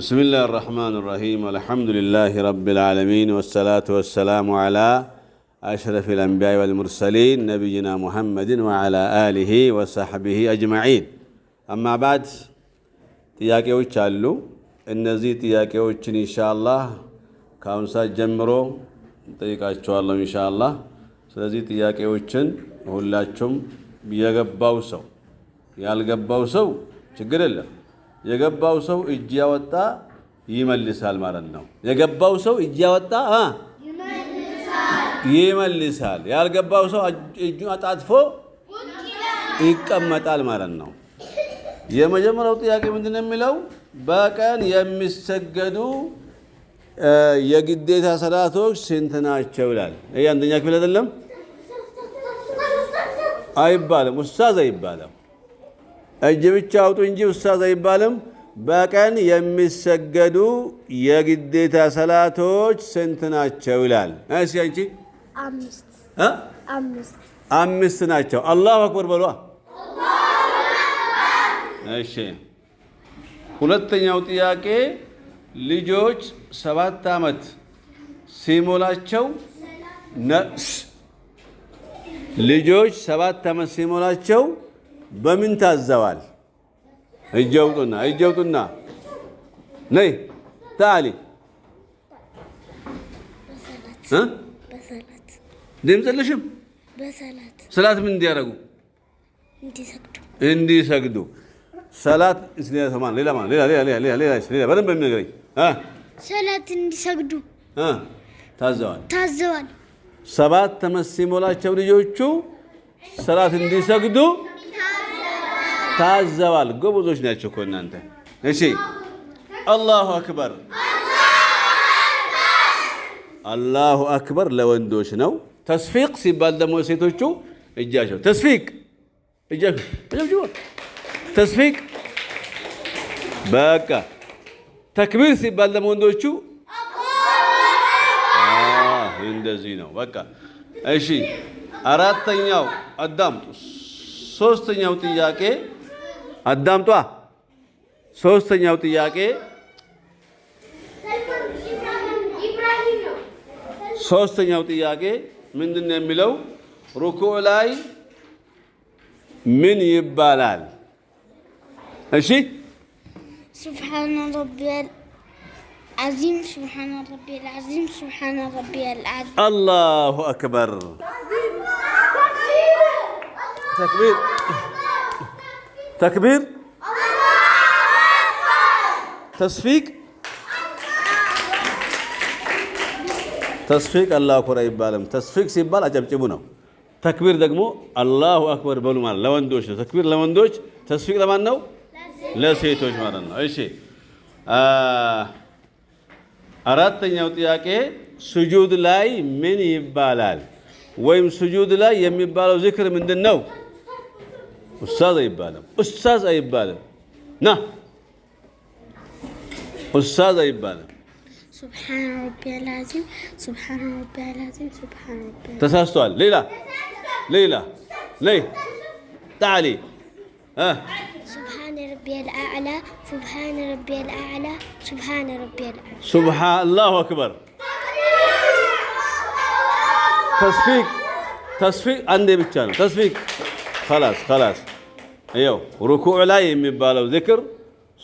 بسم الله الرحمن الرحيم والحمد لله رب العالمين والصلاة والسلام على أشرف الأنبياء والمرسلين نبينا محمد وعلى آله وصحبه أجمعين أما بعد ጥያቄዎች አሉ። እነዚህ ጥያቄዎችን ኢንሻአላህ ከአሁን ሰዓት ጀምሮ ጠይቃቸዋለሁ ኢንሻአላህ። ስለዚህ ጥያቄዎችን ሁላችሁም የገባው ሰው ያልገባው ሰው ችግር የለም የገባው ሰው እጅ ያወጣ ይመልሳል ማለት ነው። የገባው ሰው እጅ ያወጣ ይመልሳል። ያልገባው ሰው እጁን አጣጥፎ ይቀመጣል ማለት ነው። የመጀመሪያው ጥያቄ ምንድን ነው የሚለው በቀን የሚሰገዱ የግዴታ ሰላቶች ስንት ናቸው ይላል። ይህ አንደኛ ክፍል አይደለም አይባልም፣ ኡስታዝ አይባልም። እጅ ብቻ አውጡ እንጂ ኡስታዝ አይባልም። በቀን የሚሰገዱ የግዴታ ሰላቶች ስንት ናቸው ይላል። እሺ አንቺ አምስት ናቸው። አላሁ አክበር በሏ። እሺ ሁለተኛው ጥያቄ ልጆች ሰባት ዓመት ሲሞላቸው ልጆች ሰባት ዓመት ሲሞላቸው በምን ታዘዋል? እጀውጡና አውጡና እጅ አውጡና፣ ነይ ታሊ ድምፅ ሰላት ምን እንዲያደርጉ እንዲሰግዱ ሰላት ሌላ በደንብ የሚነግረኝ ሰላት እንዲሰግዱ ታዘዋል ታዘዋል። ሰባት ተመስ ሲሞላቸው ልጆቹ ሰላት እንዲሰግዱ ታዘዋል። ጎበዞች ናቸው እኮ እናንተ። እሺ አላሁ አክበር አላሁ አክበር ለወንዶች ነው። ተስፊቅ ሲባል ደግሞ ሴቶቹ እጃቸው ተስፊቅ እጃቸው ተስፊቅ በቃ። ተክቢር ሲባል ደግሞ ወንዶቹ እንደዚህ ነው በቃ። እሺ አራተኛው አዳምጡ። ሶስተኛው ጥያቄ አዳምጧ። ሶስተኛው ጥያቄ ሶስተኛው ጥያቄ ምንድን ነው የሚለው? ሩኩ ላይ ምን ይባላል? እሺ ሱብሓነ ረቢየል አዚም ሱብሓነ ረቢየል አዚም ሱብሓነ ረቢየል አዚም አላሁ አክበር ተክቢር ተክቢር፣ ተስፊቅ ተስፊቅ አላሁ አክበር አይባልም። ተስፊቅ ሲባል አጨብጭቡ ነው። ተክቢር ደግሞ አላሁ አክበር በሉ ማለት ለወንዶች ነው። ተክቢር ለወንዶች፣ ተስፊቅ ለማን ነው? ለሴቶች ማለት ነው። እሺ አራተኛው ጥያቄ ስጁድ ላይ ምን ይባላል? ወይም ስጁድ ላይ የሚባለው ዝክር ምንድን ነው? استاذ అయిబ్బాలం بالم نه أستاذ ఉస్తాజ్ بالم سبحان ربي العظيم سبحان ربي العظيم سبحان ربي تسال سؤال ليلى ليلى ليه تعالي ها سبحان ربي الأعلى سبحان ربي الأعلى سبحان ربي الأعلى سبحان الله أكبر تصفيق تصفيق عندي بالتالي تصفيق ከላስ ከላስ ይኸው ሩኩዕ ላይ የሚባለው ዝክር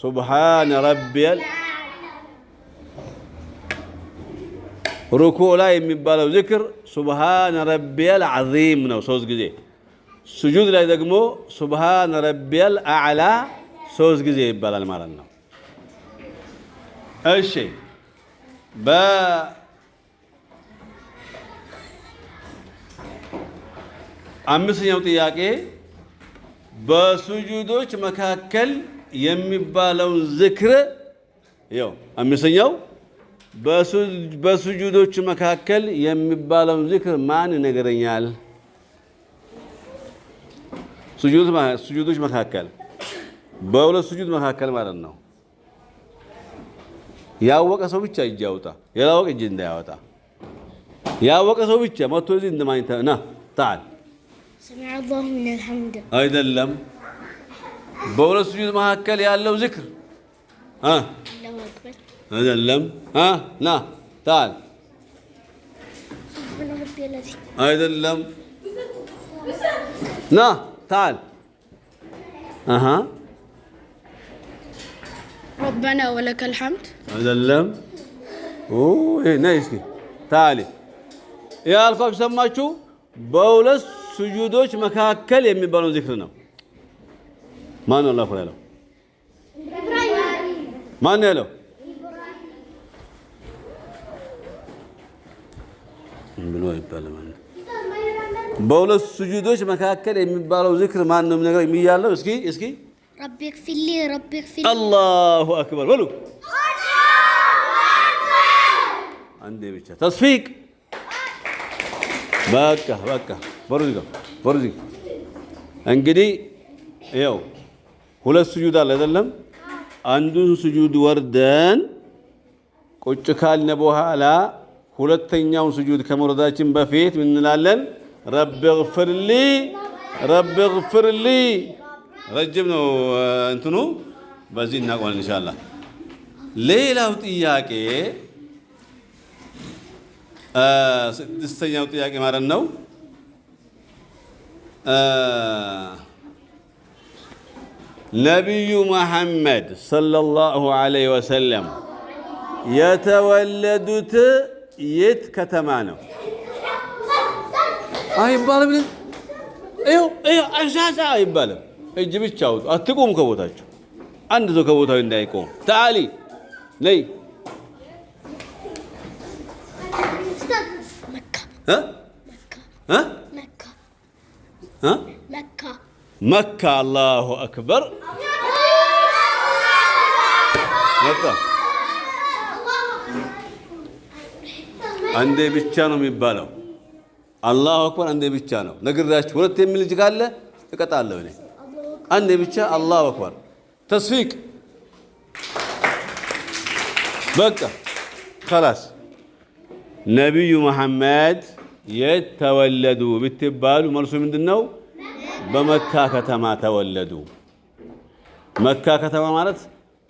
ሱብሓነ ረቢየል ሩኩዕ ላይ የሚባለው ዝክር ሱብሓነ ረቢየል ዐዚም ነው ሶስት ጊዜ። ስጁድ ላይ ደግሞ ሱብሓነ ረቢየል አዕላ ሶስት ጊዜ ይባላል ማለት ነው። እሺ በ አምስተኛው ጥያቄ በሱጁዶች መካከል የሚባለውን ዝክር ያው አምስተኛው በሱጁዶች መካከል የሚባለውን ዝክር ማን ይነግረኛል? ሱጁዶች መካከል በሁለት ሱጁድ መካከል ማለት ነው። ያወቀ ሰው ብቻ እጅ ያውጣ፣ ያላወቀ እጅ እንዳያወጣ። ያወቀ ሰው ብቻ መቶ እዚህ ና ታል سمع الله من الحمد أيضا لم بولا سجود ما هكال يا الله ذكر ها الله أكبر هذا لم ها نا تعال أيضا لم نا تعال أها ربنا ولك الحمد هذا لم أوه إيه نايس تعالي يا ألفا بسماتشو بولس ስጁዶች መካከል የሚባለው ዚክር ነው። ማን ነው አላሁ ያለው? ማን ነው ያለው? ብሎ ይባላል። በሁለት ስጁዶች መካከል የሚባለው ዚክር ማን ነው የሚነግረው? የሚያለው እስኪ እስኪ ረቢክ ፊሊ ረቢክ ፊሊ አላሁ አክበር በሉ። አንዴ ብቻ ተስፊቅ በቃ በቃ በሩዝ በሩዝ እንግዲህ ያው ሁለት ስጁድ አለ አይደለም። አንዱን ስጁድ ወርደን ቁጭ ካልነ በኋላ ሁለተኛውን ስጁድ ከመውረዳችን በፊት ምን እንላለን? ረብ ግፍርሊ ረብ ግፍርሊ። ረጅም ነው እንትኑ፣ በዚህ እናቆማለን ኢንሻአላ። ሌላው ጥያቄ ስድስተኛው ጥያቄ ማለት ነው ነቢዩ መሐመድ ሰለላሁ ዐለይሂ ወሰለም የተወለዱት የት ከተማ ነው? አይባልም። አሻሻ አይባልም። እጅ ብቻ አውጡ። አትቁሙ ከቦታችሁ። አንድ ሰው ከቦታው እንዳይቆም። ተአሊ ነይ መካ መካ። አላሁ አክበር አንዴ ብቻ ነው የሚባለው። አላሁ አክበር አንዴ ብቻ ነው ነግራችሁ። ሁለት የሚል ልጅ ካለ እቀጣለሁ እኔ። አንዴ ብቻ አላሁ አክበር ተስፊቅ በቃ ከላስ ነቢዩ መሐመድ የት ተወለዱ ብትባሉ መልሱ ምንድን ነው? በመካ ከተማ ተወለዱ። መካ ከተማ ማለት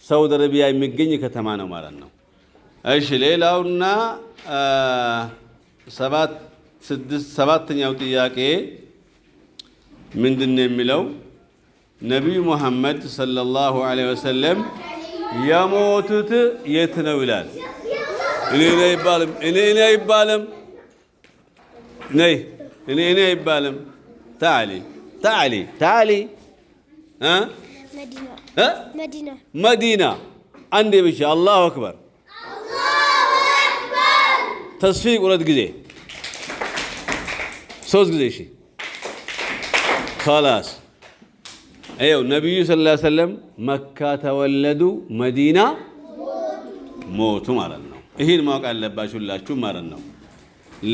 ሳውዲ አረቢያ የሚገኝ ከተማ ነው ማለት ነው። እሺ ሌላውና ሰባተኛው ጥያቄ ምንድን ነው የሚለው ነቢዩ ሙሐመድ ሰለላሁ ዐለይሂ ወሰለም የሞቱት የት ነው ይላል። እኔ እኔ አይባልም። ነይ እኔ እኔ አይባልም። ታሊ ታሊ ታሊ መዲና አንዴ ብቻ። አላሁ አክበር ተስፊቅ ሁለት ጊዜ ሶስት ጊዜ እሺ። ኸላስ ይኸው ነቢዩ ሰለላሁ ዐለይሂ ወሰለም መካ ተወለዱ፣ መዲና ሞቱ ማለት ነው። ይህን ማወቅ አለባችሁ ሁላችሁ ማለት ነው።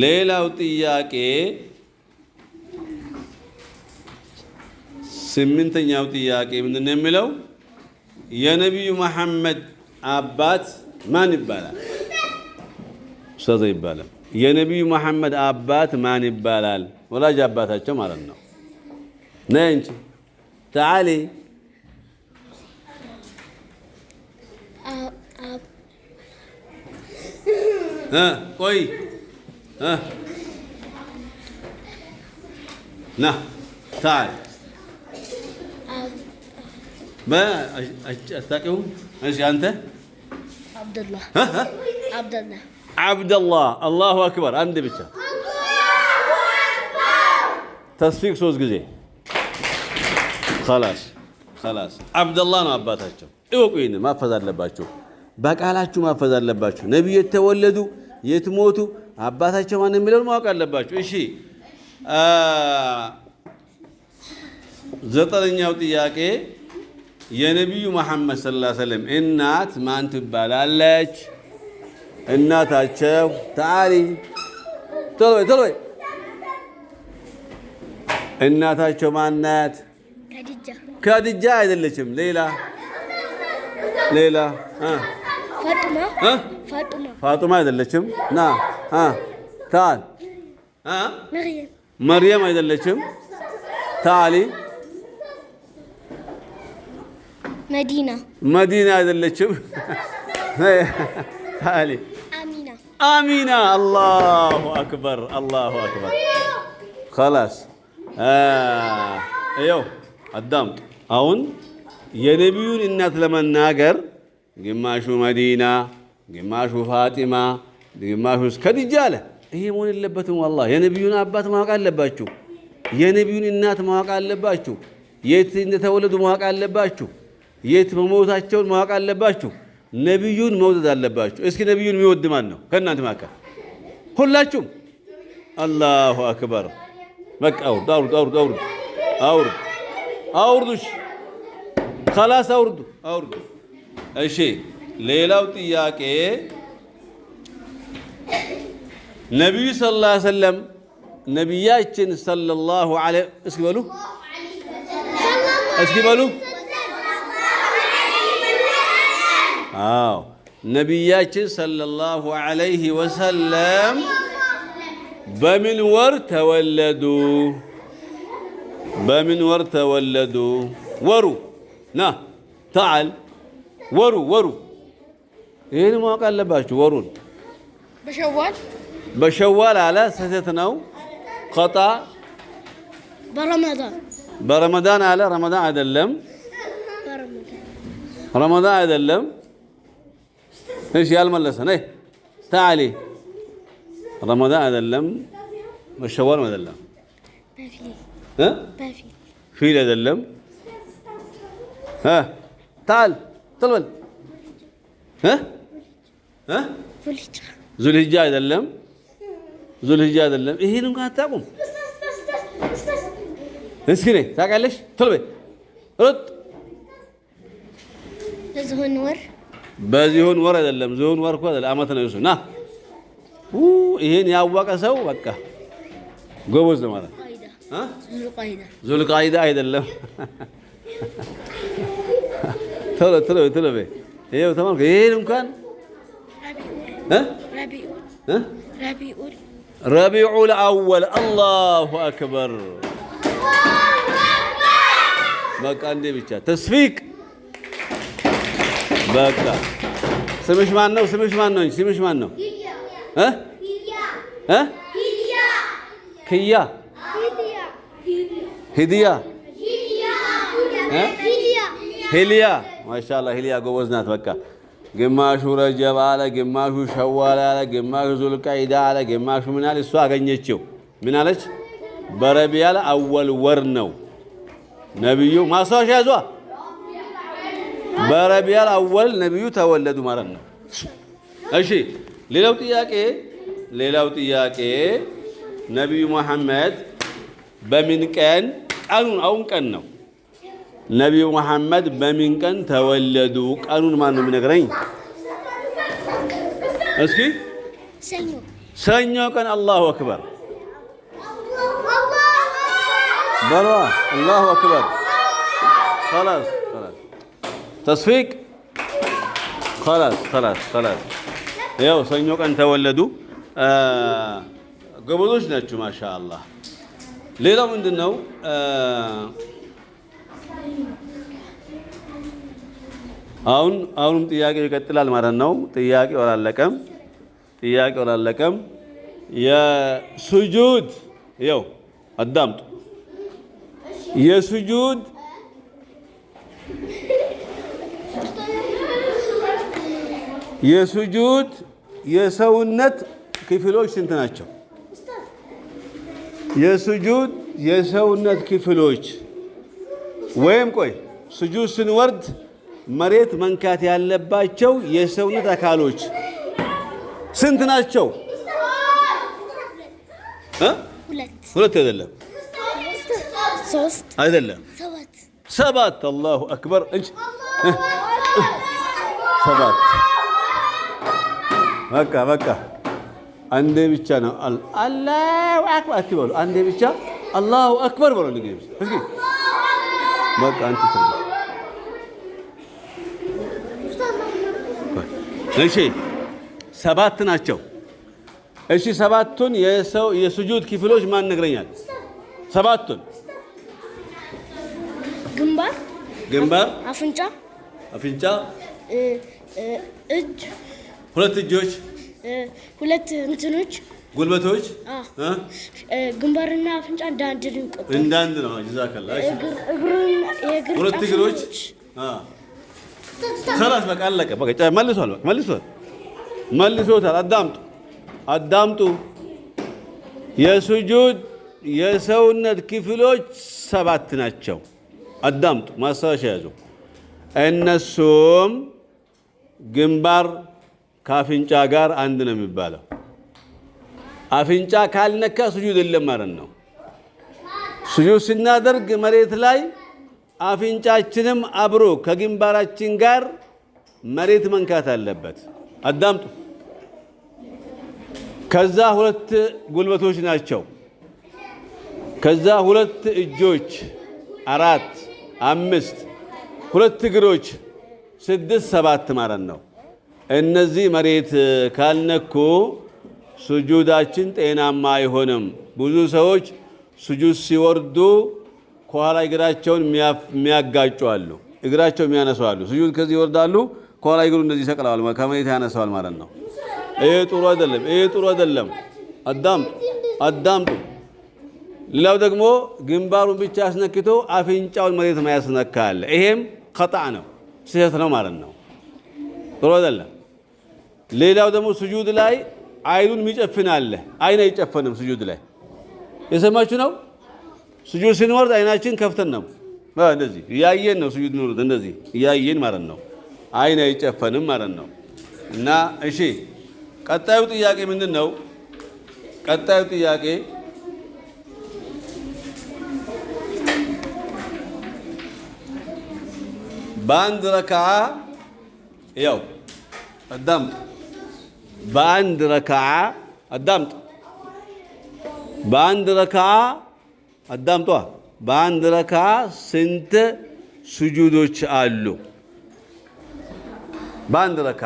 ሌላው ጥያቄ ስምንተኛው ጥያቄ ምንድን ነው የሚለው? የነቢዩ መሐመድ አባት ማን ይባላል? ኡስታዝ ይባላል። የነቢዩ መሐመድ አባት ማን ይባላል? ወላጅ አባታቸው ማለት ነው። ነይ እንጂ ተዓሊ ቆይ ና ታል አታውቂውም? እሺ አንተ አብደላህ። አላሁ አክበር አንድ ብቻ ተስፊቅ ሶስት ጊዜ ላስ ላስ አብደላህ ነው አባታቸው። እወቁ፣ ይህን ማፈዝ አለባችሁ፣ በቃላችሁ ማፈዝ አለባችሁ። ነቢዩ የተወለዱ የትሞቱ አባታቸው ማን የሚለውን ማወቅ አለባችሁ። እሺ ዘጠነኛው ጥያቄ የነቢዩ መሐመድ ሰለላሁ ዐለይሂ ወሰለም እናት ማን ትባላለች? እናታቸው ተአሊ ቶሎ ቶሎ እናታቸው ማናት? ከድጃ አይደለችም። ሌላ ሌላ ፋጡማ አይደለችም። ና ها تعال ها مريم مريم ايضا لكم تالي مدينة مدينة ايضا لكم تالي امينة امينة الله اكبر الله اكبر خلاص آه. ايوه قدام اون يا نبيون الناس لما ناقر قماشو مدينة قماشو فاطمة ግማሹስ ከድጃ አለ። ይሄ መሆን የለበትም። ዋላሂ የነቢዩን አባት ማወቅ አለባችሁ። የነቢዩን እናት ማወቅ አለባችሁ። የት እንደተወለዱ ማወቅ አለባችሁ። የት መሞታቸውን ማወቅ አለባችሁ። ነቢዩን መውደድ አለባችሁ። እስኪ ነቢዩን የሚወድ ማን ነው ከእናንተ መካከል? ሁላችሁም። አላሁ አክበር። በቃ አውርዱ፣ አውርዱ፣ አውርዱ፣ አውርዱ፣ አውርዱ፣ አውርዱሽ። ከላስ አውርዱ፣ አውርዱ። እሺ ሌላው ጥያቄ ነቢዩ ሰለላሁ ዐለይሂ ወሰለም ነቢያችን ሰለላሁ ዐለይሂ እስኪ በሉ እስኪ በሉ አዎ ነቢያችን ሰለላሁ ዐለይሂ ወሰለም በምን ወር ተወለዱ? በምን ወር ተወለዱ? ወሩ ና ተዓል ወሩ ወሩ ይህን ማወቅ አለባችሁ ወሩን بشوال بشوال على سهتنا قطع برمضان برمضان على رمضان عيد اللم رمضان عيد اللم ايش يا الملسن ايه تعالي رمضان عيد اللم بشوال عيد اللم ها؟ في فيل هذا اللم ها تعال تلول ها ها ذو الهجاء يدلم ذو الهجاء يدلم ايه نم كان تابم اسكني تاك عليش طلبي رد بزهون ور بزهون ور يدلم زهون ور كوه دلم امتنا يوسف نا اوه ايه نياوواك اسو بكا قوبوز دمارا قايدة ذو القايدة ذو القايدة يدلم طلبي طلبي طلبي ايه وتمام ايه نم كان ها ረቢዑል አወል አላሁ አክበር። በቃ እንዴ ብቻ ተስፊቅ በቃ። ስምሽ ማን ነው? ስምሽ ማን ነው? ስምሽ ማን ነው? ክያ ሂድያ ሂልያ ማሻላ ሂልያ ጎበዝ ናት። በቃ ግማሹ ረጀብ አለ፣ ግማሹ ሸዋል አለ፣ ግማሹ ዙልቃይዳ አለ፣ ግማሹ ምን አለ። አገኘችው ምን አለች? በረቢያል አወል ወር ነው ነቢዩ ማስታወሻ ያዟ። በረቢያል አወል ነቢዩ ተወለዱ ማለት ነው። እሺ ሌላው ጥያቄ ሌላው ጥያቄ ነቢዩ መሐመድ በምን ቀን ቀኑን አሁን ቀን ነው ነቢዩ መሐመድ በምን ቀን ተወለዱ? ቀኑን ማን ነው የሚነግረኝ? እስኪ ሰኞ ቀን። አላሁ አክበር በሏ። አላሁ አክበር። ላስ ተስፊቅ ላስ ያው ሰኞ ቀን ተወለዱ። ጎበዞች ናችሁ። ማሻ አላህ። ሌላው ምንድን ነው? አሁን አሁንም ጥያቄው ይቀጥላል ማለት ነው። ጥያቄው አላለቀም። ጥያቄው አላለቀም። የሱጁድ ያው አዳምጡ። የሱጁድ የሱጁድ የሰውነት ክፍሎች ስንት ናቸው? የሱጁድ የሰውነት ክፍሎች ወይም ቆይ ሱጁድ ስንወርድ መሬት መንካት ያለባቸው የሰውነት አካሎች ስንት ናቸው? ሁለት አይደለም፣ አይደለም፣ ሰባት። አላሁ አክበር እንጂ ሰባት። በቃ በቃ፣ አንዴ ብቻ ነው። አላሁ አክበር አትበሉ፣ አንዴ ብቻ አላሁ አክበር በሉ። በቃ አንተ እሺ ሰባት ናቸው። እሺ ሰባቱን የሰው የሱጁድ ክፍሎች ማን ነግረኛል? ሰባቱን ግንባር፣ ግንባር፣ አፍንጫ፣ አፍንጫ፣ እጅ፣ ሁለት እጆች፣ ሁለት እንትኖች፣ ጉልበቶች፣ ግንባርና አፍንጫ እንደ አንድ ነው። እንዳንድ ነው። ጅዛከላ እግር፣ ሁለት እግሮች ሰላስ በቃ አለቀ። በቃ መልሷል። በቃ መልሷል። መልሶታል። አዳምጡ አዳምጡ። የሱጁድ የሰውነት ክፍሎች ሰባት ናቸው። አዳምጡ፣ ማስታወሻ ያዙ። እነሱም ግንባር ከአፍንጫ ጋር አንድ ነው የሚባለው። አፍንጫ ካልነካ ሱጁድ የለም ማለት ነው። ሱጁድ ስናደርግ መሬት ላይ አፍንጫችንም አብሮ ከግንባራችን ጋር መሬት መንካት አለበት። አዳምጡ። ከዛ ሁለት ጉልበቶች ናቸው። ከዛ ሁለት እጆች፣ አራት፣ አምስት፣ ሁለት እግሮች፣ ስድስት፣ ሰባት ማለት ነው። እነዚህ መሬት ካልነኩ ሱጁዳችን ጤናማ አይሆንም። ብዙ ሰዎች ሱጁድ ሲወርዱ ከኋላ እግራቸውን የሚያጋጩ አሉ። እግራቸው የሚያነሱ አሉ። ስጁድ ከዚህ ይወርዳሉ፣ ከኋላ እግሩ እንደዚህ ይሰቅለዋል፣ ከመሬት ያነሰዋል ማለት ነው። ይሄ ጥሩ አይደለም። ይሄ ጥሩ አይደለም። አዳምጡ፣ አዳምጡ። ሌላው ደግሞ ግንባሩን ብቻ አስነክቶ አፍንጫውን መሬት ማያስነካ አለ። ይሄም ከጣዕ ነው፣ ስህተት ነው ማለት ነው። ጥሩ አይደለም። ሌላው ደግሞ ስጁድ ላይ አይኑን የሚጨፍን አለ። አይን አይጨፈንም ስጁድ ላይ የሰማችሁ ነው። ስጁድ ስንወርድ አይናችን ከፍተን ነው እንደዚህ እያየን ነው። ስጁድ ንወርድ እንደዚህ እያየን ማለት ነው። አይን አይጨፈንም ማለት ነው። እና እሺ ቀጣዩ ጥያቄ ምንድን ነው? ቀጣዩ ጥያቄ በአንድ ረክዓ ያው አዳምጥ፣ በአንድ ረክዓ አዳምጥ፣ በአንድ ረክዓ አዳምጧ። በአንድ ረካ ስንት ስጁዶች አሉ? በአንድ ረካ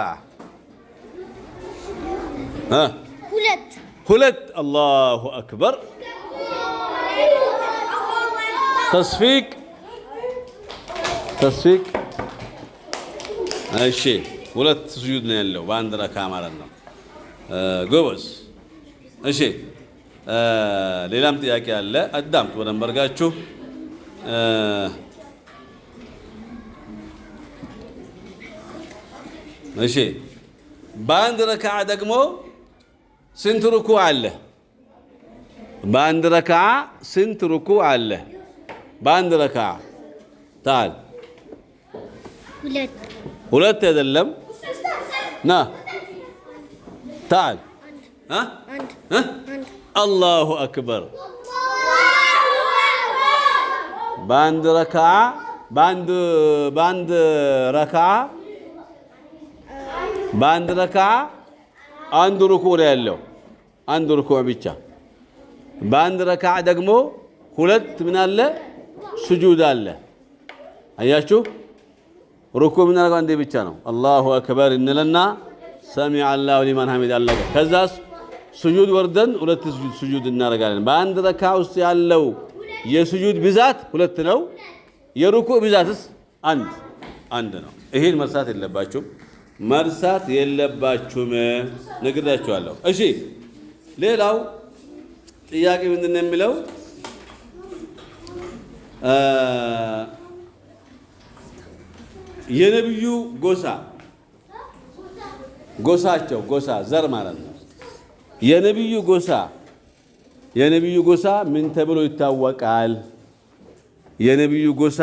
ሁለት ሁለት። አላሁ አክበር። ተስፊቅ ተስፊቅ። እሺ ሁለት ስጁድ ነው ያለው በአንድ ረካ ማለት ነው። ጎበዝ። እሺ آه، ليلام تياكي الله قدام تودن برجاتشو آه، ماشي باند ركعة دقمو سنت ركوع الله باند ركعة سنت ركوع الله باند ركعة تعال ولد ولد تدلم نا تعال ها ها Allahu Akbar. Band raka'a band band raka'a band raka'a አንድ ሩኩዕ ላይ ያለው አንድ ሩኩዕ ብቻ በአንድ ረካዓ ደግሞ ሁለት ምን አለ ስጁድ አለ አያችሁ ሩኩዕ ምን አለ አንዴ ብቻ ነው አላሁ አክበር እንልና ሰሚዐ አላሁ ሊማን ሐሚድ አላህ ከዛስ ስጁድ ወርደን ሁለት ስጁድ እናደርጋለን። በአንድ ረካ ውስጥ ያለው የስጁድ ብዛት ሁለት ነው። የሩኩዕ ብዛትስ አንድ አንድ ነው። ይህን መርሳት የለባችሁም መርሳት የለባችሁም ነግሬያችኋለሁ። እሺ፣ ሌላው ጥያቄ ምንድን ነው የሚለው የነብዩ ጎሳ ጎሳቸው ጎሳ ዘር ማለት ነው የነቢዩ ጎሳ የነቢዩ ጎሳ ምን ተብሎ ይታወቃል? የነቢዩ ጎሳ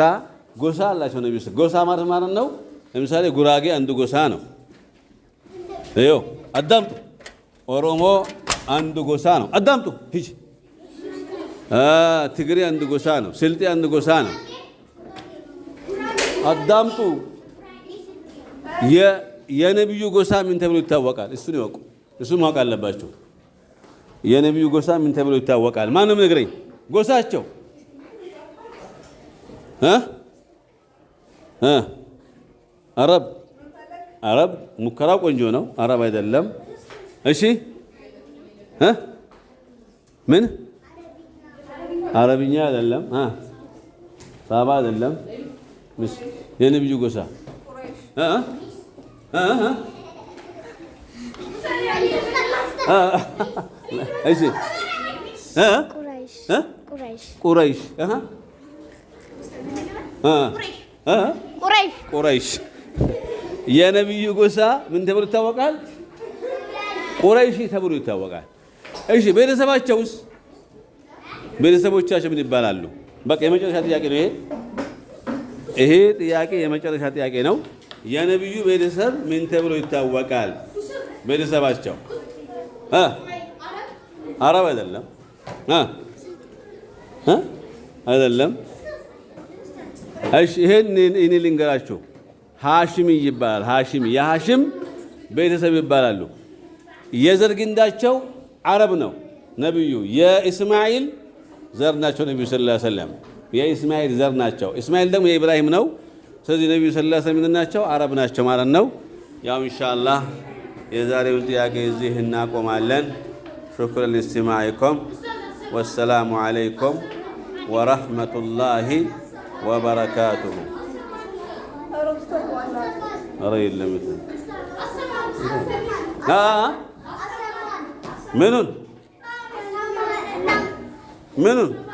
ጎሳ አላቸው። ነቢዩ ጎሳ ማለት ማለት ነው። ለምሳሌ ጉራጌ አንዱ ጎሳ ነው። ይኸው አዳምጡ። ኦሮሞ አንዱ ጎሳ ነው። አዳምጡ። ሂጅ ትግሬ አንድ ጎሳ ነው። ስልጤ አንድ ጎሳ ነው። አዳምጡ። የነቢዩ ጎሳ ምን ተብሎ ይታወቃል? እሱን ይወቁ። እሱን ማወቅ አለባቸው። የነቢዩ ጎሳ ምን ተብሎ ይታወቃል? ማንም ንገረኝ። ጎሳቸው አረብ አረብ። ሙከራው ቆንጆ ነው። አረብ አይደለም። እሺ ምን አረብኛ አይደለም። ሳባ አይደለም። የነቢዩ ጎሳ እሺ እ ቁረይሽ ቁረይሽ ቁረይሽ የነብዩ ጎሳ ምን ተብሎ ይታወቃል? ቁረይሽ ተብሎ ይታወቃል። እሺ ቤተሰባቸውስ ቤተሰቦቻቸው ምን ይባላሉ? በቃ የመጨረሻ ጥያቄ ነው ይሄ። ይሄ ጥያቄ የመጨረሻ ጥያቄ ነው። የነብዩ ቤተሰብ ምን ተብሎ ይታወቃል? ቤተሰባቸው አረብ አይደለም አይደለም። ይህን እኔ ልንገራችሁ። ሃሽም ይባላል። ሃሽም የሃሽም ቤተሰብ ይባላሉ። የዘርግንዳቸው አረብ ነው። ነቢዩ የእስማኤል ዘር ናቸው። ነቢዩ ሰለላሁ ዐለይሂ የእስማኤል ዘር ናቸው። እስማኤል ደግሞ የኢብራሂም ነው። ስለዚህ ነቢዩ ሰለላሁ ዐለይሂ ወሰለም ናቸው፣ አረብ ናቸው ማለት ነው። ያው ኢንሻአላህ የዛሬውን ጥያቄ እዚህ እናቆማለን። شكرا لاستماعكم والسلام عليكم ورحمة الله وبركاته أريد لمثل ها منون منون